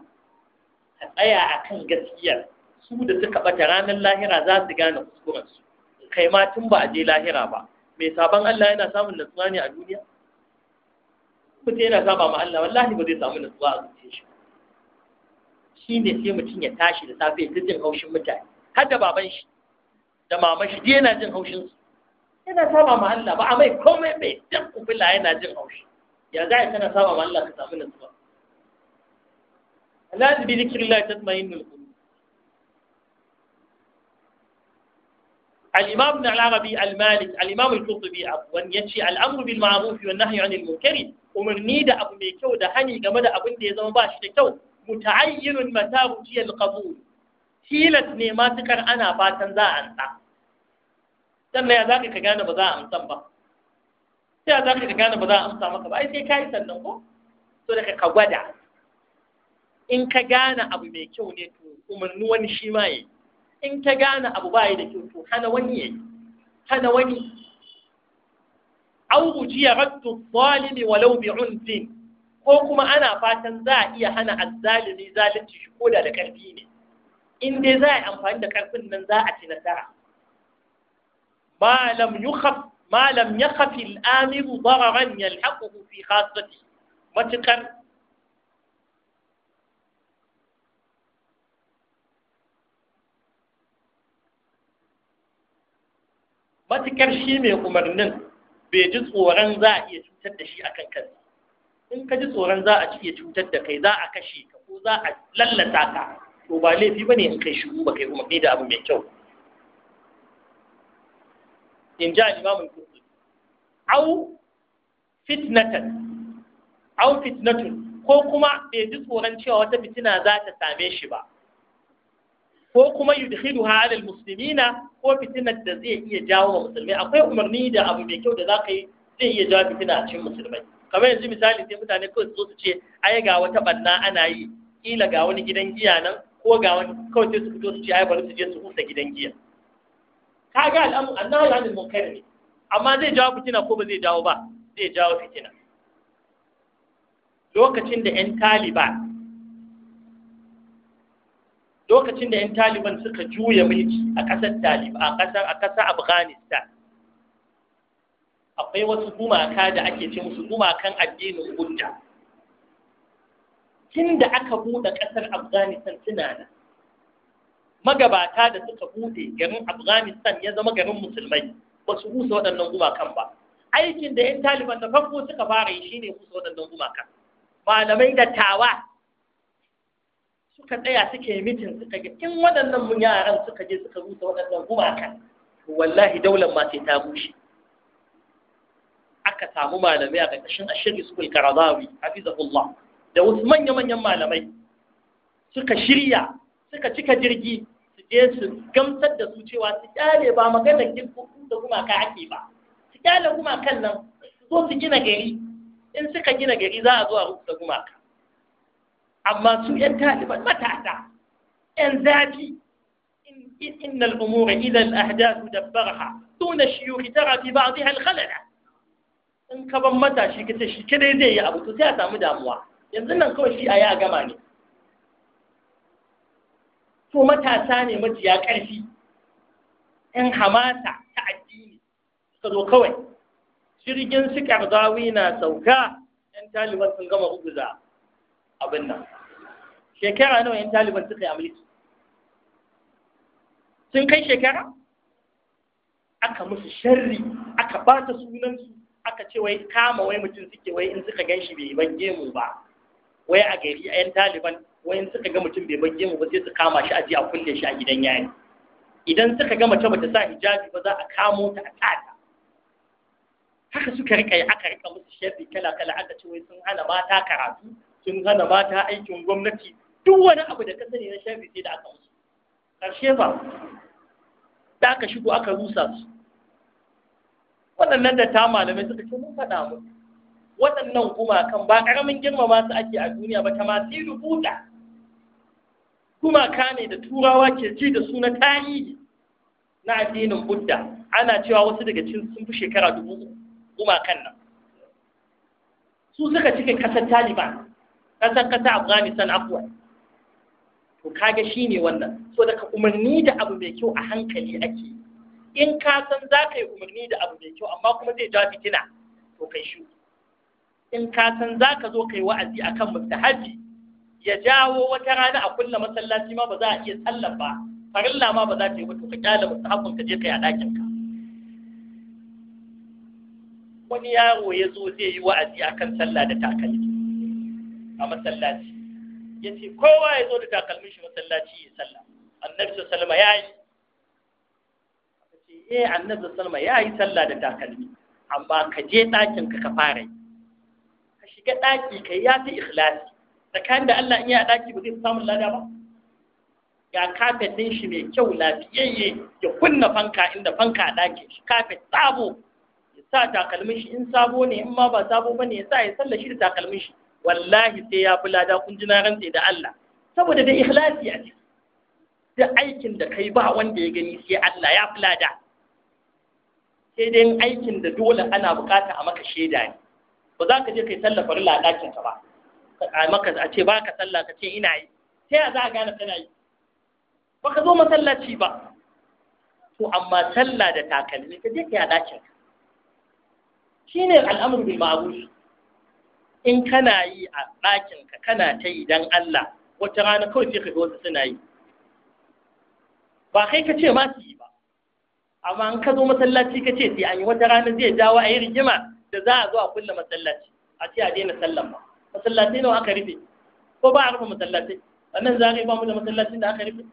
tsaya a kan gaskiyar su da suka ɓata ranar lahira za su gane kuskurensu kai ma tun ba a je lahira ba mai sabon Allah yana samun natsuwa ne a duniya mutum yana saba ma Allah wallahi ba zai samu natsuwa a zuciyar shi shi ne sai mutum ya tashi da safe ta jin haushin mutane har da baban shi da maman shi yana jin haushin su yana saba ma Allah ba a mai komai mai dan kubila yana jin haushi ya za a tana saba ma Allah ka samu natsuwa الآن بذكر الله تطمئن القلوب الإمام ابن العربي المالك الإمام القرطبي عفوا يتشي الأمر بالمعروف والنهي عن المنكر ومن دا أبو ميكو دا هني قام دا أبو ندي زمان باش تكو متعين متابتي القبول هيلة نيماتك أنا باتن ذا أنت dan يا ya zaka ka gane ba za a amsan ba sai ya zaka ka gane ba za a amsa maka in ka gane abu mai kyau ne to umarni wani shi ma yi in ka gane abu ba yi da kyau to hana wani yayi hana wani au ujiya raddu zalimi walau bi unzin ko kuma ana fatan za a iya hana azzalimi zalunci shi ko da da karfi ne in dai za a yi amfani da karfin nan za a ci nasara Malam lam yukhaf ma lam yakhaf al-amiru dararan yalhaquhu fi khassati matukar matuƙar shi mai umarnin bai ji tsoron za a iya cutar da shi a kan kansa in ka ji tsoron za a iya cutar da kai za a kashe ka ko za a lallata ka to ba laifi ba ne in kai shigo ba kai umarni da abu mai kyau in ji al'imamun kusur au fitnatan au fitnatun ko kuma bai ji tsoron cewa wata fitina za ta same shi ba ko kuma yudhidu halal muslimina ko fitinar da zai iya jawo wa musulmai akwai umarni da abu mai kyau da zaka yi zai iya jawo fitina a cikin musulmai kamar yanzu misali sai mutane kawai su zo su ce ai ga wata banna ana yi kila ga wani gidan giya nan ko ga wani kawai sai su fito su ce ai bari su je su husa gidan giya kaga al'amu annahu anil munkar amma zai jawo fitina ko ba zai jawo ba zai jawo fitina lokacin da 'yan taliban lokacin da 'yan taliban suka juya mulki a ƙasar taliban a ƙasar a ƙasar afghanistan akwai wasu gumaka da ake ce musu gumakan addinin buddha tun da aka buɗe ƙasar afghanistan suna nan magabata da suka buɗe garin afghanistan ya zama garin musulmai ba su husa waɗannan gumakan ba aikin da 'yan taliban da farko suka fara yi shine husa waɗannan gumakan malamai da tawa suka tsaya suke mitin suka ga in waɗannan yaran suka je suka rusa waɗannan gumaka wallahi daular ma sai ta bushe aka samu malamai a ƙarƙashin ashir iskul karazawi hafizahullah da wasu manya-manyan malamai suka shirya suka cika jirgi su je su gamsar da su cewa su kyale ba maganar girkuku da gumaka ake ba su kyale gumakan nan su zo su gina gari in suka gina gari za a zo a rubuta gumaka amma su ‘yan taliban matata ‘yan zafi إن da إذا الأحداث دبرها دون الشيوخ ترى في بعضها الخلل in ka ban matashi ka ce shi kadai zai yi abu to sai a samu damuwa yanzu nan kawai shi a yi a gama ne to matasa ne maciya ƙarfi ‘yan hamata ta addini suka zo kawai jirgin su ƙarzawi na sauka ‘yan taliban sun gama ruguza abin nan shekara nawa yan taliban suka yi a mulki sun kai shekara aka musu sharri aka ba ta sunansu aka ce wai kama wai mutum suke wai in suka gan shi bai ban mu ba wai a gari a yan taliban wai in suka ga mutum bai ban mu ba sai su kama shi a je a kulle shi a gidan yari idan suka ga mace bata sa hijabi ba za a kamo ta a tsada. haka suka rika yi aka rika musu sharri kala kala aka ce wai sun hana mata karatu sun hana mata aikin gwamnati duk wani abu da ka sani na sharri sai da aka musu ƙarshe ba da aka shigo aka rusa su waɗannan da ta malamai suka ce mun faɗa mu waɗannan gumakan ba ƙaramin girmama su ake a duniya ba ta masu rubuta gumaka ne da turawa ke ci da suna tarihi na addinin budda ana cewa wasu daga cikin sun fi shekara dubu kuma kan nan su suka cikin kasar taliban kasar kasar afghanistan afwan to shi shine wannan so daga umarni da abu mai kyau a hankali ake in ka san za ka yi umarni da abu mai kyau amma kuma zai ja fitina to kai shi in ka san za ka zo kai wa'azi akan mustahabi ya jawo wata rana a kulla masallaci ma ba za a iya sallan ba farilla ma ba za ta yi ba to ka kyale mustahabin ka je kai a ɗakin ka wani yaro ya zo zai yi wa'azi akan sallah da takalmi a masallaci yace kowa ya zo da takalmin shi masallaci ya salla annabi sallama ya yi ce eh annabi sallama ya yi salla da takalmi amma ka je ɗakin ka fara yi ka shiga ɗaki ka ya fi ikhlasi tsakanin da Allah in ya ɗaki ba zai samu lada ba ga kafet ɗin shi mai kyau lafiyayye ya kunna fanka inda fanka a ɗakin shi kafet sabo ya sa takalmin shi in sabo ne in ma ba sabo ba ne ya sa ya sallashi da takalmin shi wallahi sai ya fi lada kun ji na rantse da Allah saboda da ikhlasi a ciki da aikin da kai ba wanda ya gani sai Allah ya fi lada sai dai aikin da dole ana bukata a maka shaida ne ba za ka je kai sallah farilla a ka ba a maka a ce ba ka sallah ka ce ina yi sai a za a gane kana yi ba ka zo masallaci ba to amma sallah da takalmi ka je kai a ɗakin ka shine al'amru bil ma'ruf in kana yi a ɗakinka kana ta yi don Allah wata rana kawai sai ka wasu suna yi ba kai ka ce ma su yi ba amma in ka zo masallaci ka ce sai an yi wata rana zai dawo a yi rigima da za a zo a kulle masallaci a ce a daina sallan ba masallaci nawa aka rufe ko ba a rufe masallaci wannan za yi ba mu da masallacin da aka rufe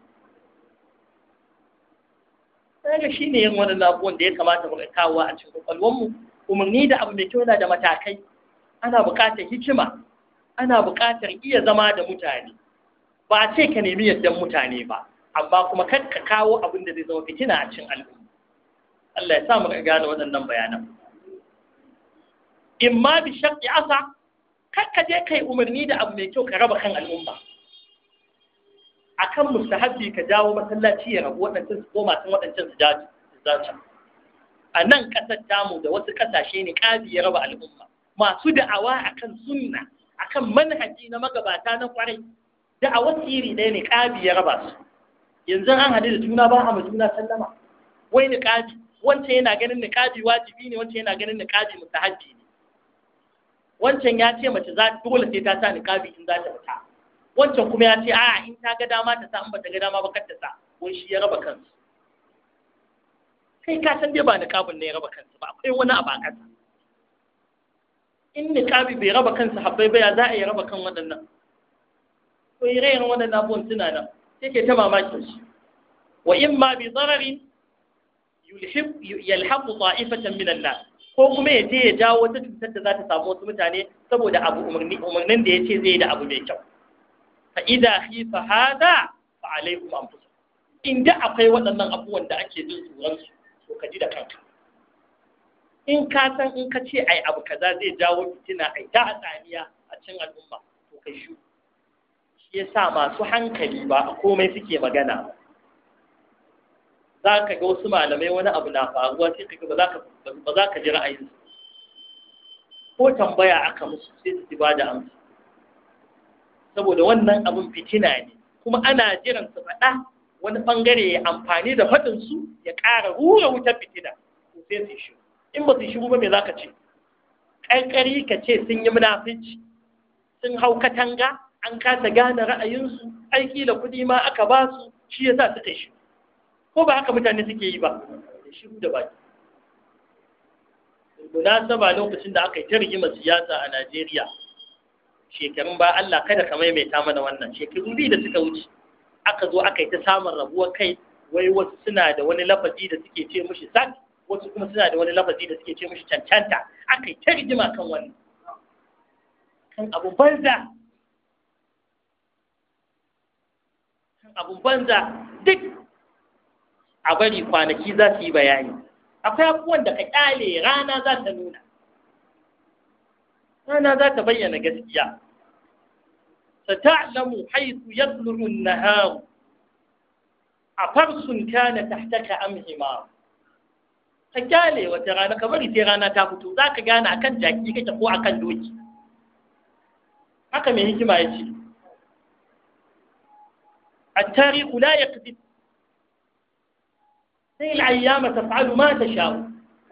kaga shi ne yin wani labuwan da ya kamata mu kawo a cikin kwakwalwarmu umarni da abu mai kyau yana da matakai ana buƙatar hikima ana buƙatar iya zama da mutane ba a ce ka nemi yaddan mutane ba amma kuma kar ka kawo abin da zai zama fitina a cikin al'umma Allah ya sa mu gane waɗannan bayanan imma bi shaqqi asa kar ka je kai umarni da abu mai kyau ka raba kan al'umma akan mustahabi ka jawo masallaci ya rabu waɗancan su koma sun waɗancan su jaji a nan ƙasar tamu da wasu ƙasashe ne ƙabi ya raba al'umma masu da'awa akan sunna akan manhaji na magabata na kwarai da'awa iri ɗaya ne ƙabi ya raba su yanzu an haɗu da juna ba a ma juna sallama wai ni ƙabi wancan yana ganin ni ƙabi wajibi ne wancan yana ganin ni niƙabi hajji ne wancan ya ce mace za dole sai ta sa ni ƙabi in za ta fita wancan kuma ya ce a'a in ta ga dama ta sa in ba ta ga dama ba kar ta sa wai shi ya raba kansu kai ka san dai ba ni ƙabin ne ya raba kansu ba akwai wani a ƙasa in niqabi bai raba kansa habbai ba za a yi raba kan waɗannan to ire rayuwar waɗannan abubuwan suna nan sai ke ta mamakin shi wa in ma bi zararin yalhaqu ta'ifatan min Allah ko kuma ya je ya jawo wata cutar da za ta samu wasu mutane saboda abu umarnin da ya ce zai da abu mai kyau fa idza khifa hada fa alaikum anfusukum in akwai waɗannan abubuwan da ake jin tsoron su to ka ji da kanka in ka san in ka ce ai abu kaza zai jawo fitina ai ta hatsaniya a cikin al'umma to kai shi shi yasa masu hankali ba komai suke magana za ka ga wasu malamai wani abu na faruwa sai ka ga ba za ka ji su ko tambaya aka musu sai su ba da amsa saboda wannan abun fitina ne kuma ana jiran su faɗa wani bangare ya amfani da faɗin su ya ƙara rura wutar fitina sai su shi in ba su shigo ba me za ka ce ƙanƙari ka ce sun yi munafici sun hau katanga an kasa gane ra'ayinsu aiki da kuɗi ma aka ba su shi ya sa suka shi ko ba haka mutane suke yi ba shiru da baki saba lokacin da aka yi ta rigimar siyasa a Najeriya shekarun ba Allah kada ka maimaita mana wannan shekaru biyu da suka wuce aka zo aka yi ta samun rabuwar kai wai wasu suna da wani lafazi da suke ce mushi sati wasu kuma suna da wani lafazi da suke ce mishi cancanta aka yi ta rigima kan wani kan abu banza kan abu banza duk a bari kwanaki za su yi bayani akwai abubuwan da ka kyale rana za ta nuna rana za ta bayyana gaskiya ستعلم حيث يطلع النهار أفرس كان تحتك أم حمار ka kyale wata rana ka bari sai rana ta fito za ka gane akan jaki kake ko akan doki haka mai hikima ya ce A التاريخ ya kafi sai la'ayya ta fa'alu ma ta sha'u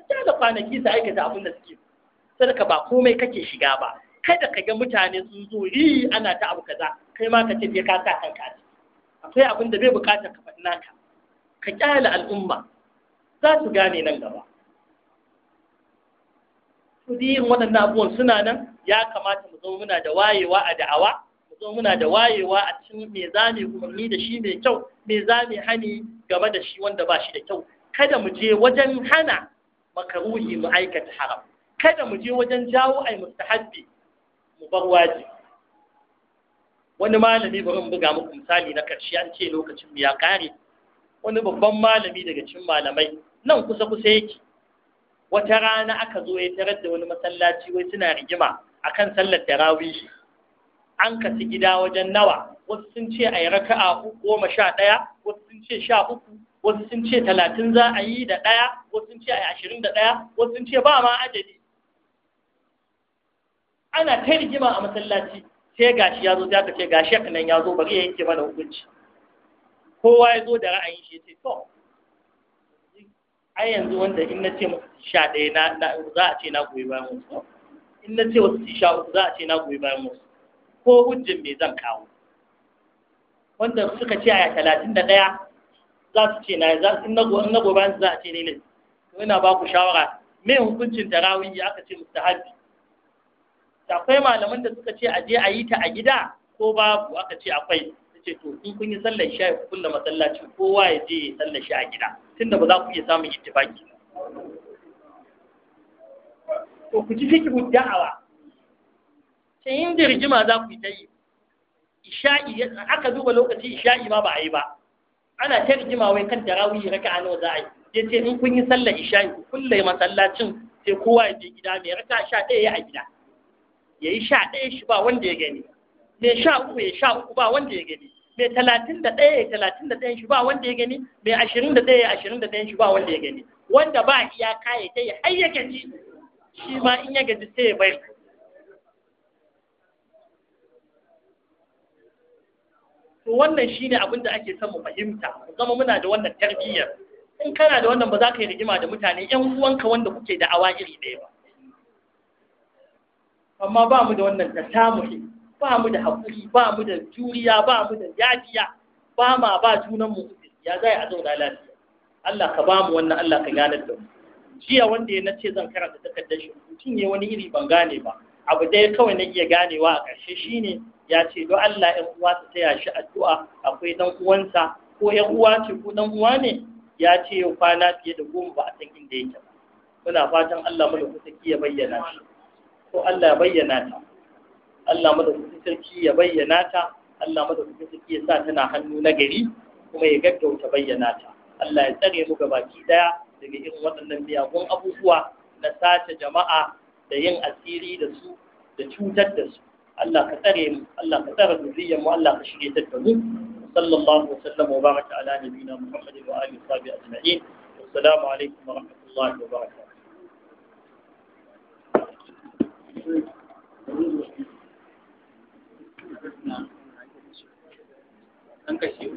ta da kwanaki su aikata abin da suke ka ba komai kake shiga ba kada ka ga mutane sun zo ri ana ta abu kaza kai ma ka ce ka sa kanka akwai abin da bai bukatar ka faɗi naka ka kyale al'umma za su gane nan gaba su irin waɗannan abubuwan suna nan ya kamata mu zo muna da wayewa a da'awa mu zo muna da wayewa a cikin me za mu umarni da shi mai kyau me za mu hani game da shi wanda ba shi da kyau kada mu je wajen hana makaruhi mu aikata haram kada mu je wajen jawo ai mustahabbi mu bar waje. wani malami bari mu buga muku misali na karshe an ce lokacin mu ya kare wani babban malami daga cikin malamai nan kusa kusa yake wata rana aka zo ya tarar da wani masallaci wai suna rigima akan sallar tarawih an kasi gida wajen nawa wasu sun ce a yi raka'a goma sha ɗaya wasu sun ce sha uku wasu sun ce talatin za a yi da ɗaya wasu sun ce a yi ashirin da ɗaya wasu sun ce ba ma ajali ana ta rigima a masallaci sai gashi ya zo ta ce gashi nan ya zo bari ya yanke mana hukunci kowa ya zo da ra'ayin shi ya ce to ai yanzu wanda in na ce sha ɗaya na za a ce na goyi bayan wasu in na ce wasu sha uku za a ce na goyi bayan wasu ko hujjin me zan kawo wanda suka ce aya talatin da ɗaya za su ce na in na goyi bayan za a ce ne ne ina ba ku shawara me hukuncin tarawih aka ce mustahabi akwai malaman da suka ce a je a yi ta a gida ko babu aka ce akwai ce to in kun yi sallar isha ku kulla masallaci kowa ya je ya sallar shi a gida tunda ba za ku iya samun ittifaki to ku ji fiki da'awa sai in da rigima za ku yi ta yi isha'i aka duba lokaci isha'i ma ba a yi ba ana ta rigima wai kan tarawih raka'a nawa za a yi ya ce in kun yi sallar isha'i ku kulla masallacin sai kowa ya je gida mai raka'a sha ɗaya ya a gida ya yi sha ɗaya shi ba wanda ya gani mai sha uku ya sha uku ba wanda ya gani mai talatin da ɗaya ya talatin da ɗayan shi ba wanda ya gani mai ashirin da ɗaya ya ashirin da ɗayan shi ba wanda ya gani wanda ba iyaka ya ta yi har ya gaji shi ma in ya gaji sai ya bai to wannan shine abin da ake son mu fahimta mu zama muna da wannan tarbiyyar in kana da wannan ba za ka yi rigima da mutane 'yan uwanka wanda kuke da awa iri ɗaya ba amma ba mu da wannan samu ba mu da hakuri, ba mu da juriya ba mu da yafiya ba ma ba junan mu ya zai a zauna lafiya Allah ka ba mu wannan Allah ka ganar da mu jiya wanda ya nace zan karanta takardar shi mutum ya wani iri ban gane ba abu dai kawai na iya ganewa a ƙarshe shine ya ce don Allah ya uwa ta taya shi addu'a akwai dan uwansa ko ya uwa ce ko dan uwa ne ya ce ya kwana fiye da goma ba a san inda yake ba muna fatan Allah mu da kusa ya bayyana shi ko Allah ya bayyana ta Allah madaukakin sarki ya bayyana ta Allah madaukakin sarki ya sa tana hannu na gari kuma ya gaggauta bayyana ta Allah ya tsare mu gabaki daya daga irin waɗannan miyagun abubuwa na sace jama'a da yin asiri da su da cutar da su Allah ka tsare mu Allah ka tsare zuriyar mu Allah ka shirye ta da mu sallallahu alaihi wasallam wa baraka ala nabiyina Muhammadin wa alihi wa sahbihi ajma'in assalamu alaikum wa rahmatullahi wa barakatuh an kashe